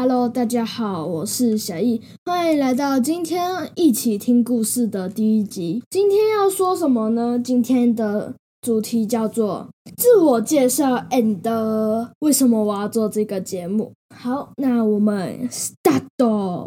Hello，大家好，我是小億，歡迎來到今天一起聽故事的第一集。今天要說什麼呢？今天的主題叫做自我介紹 and 為什麼我要做這個節目？好，那我們 start。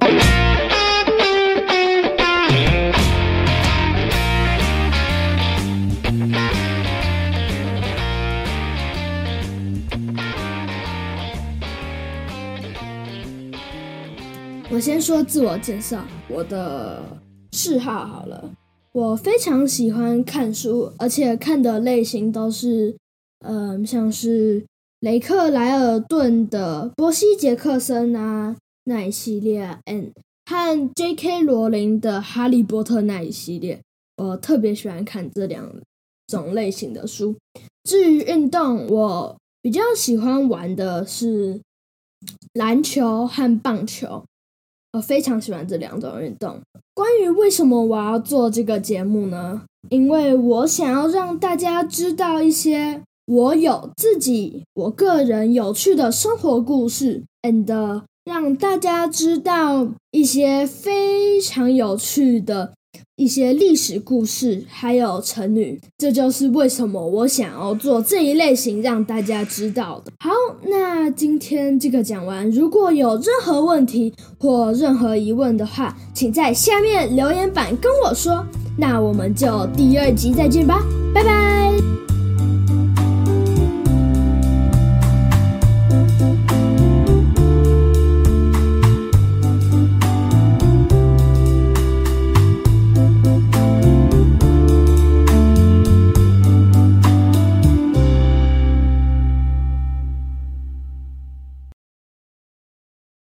我先說自我介紹，我的嗜好好了，我非常喜歡看書，而且看的類型都是，嗯、呃，像是雷克萊爾頓的波西傑克森啊那一系列，嗯，和 J.K. 羅琳的哈利波特那一系列，我特別喜歡看這兩種類型的書。至於運動，我比較喜歡玩的是籃球和棒球。我非常喜歡這兩種運動。關於為什麼我要做這個節目呢？因為我想要讓大家知道一些我有自己，我個人有趣的生活故事，and 讓大家知道一些非常有趣的。一些歷史故事，還有成語，這就是為什麼我想要做這一類型，讓大家知道的。好，那今天這個講完，如果有任何問題或任何疑問的話，請在下面留言板跟我說。那我們就第二集再見吧，拜拜。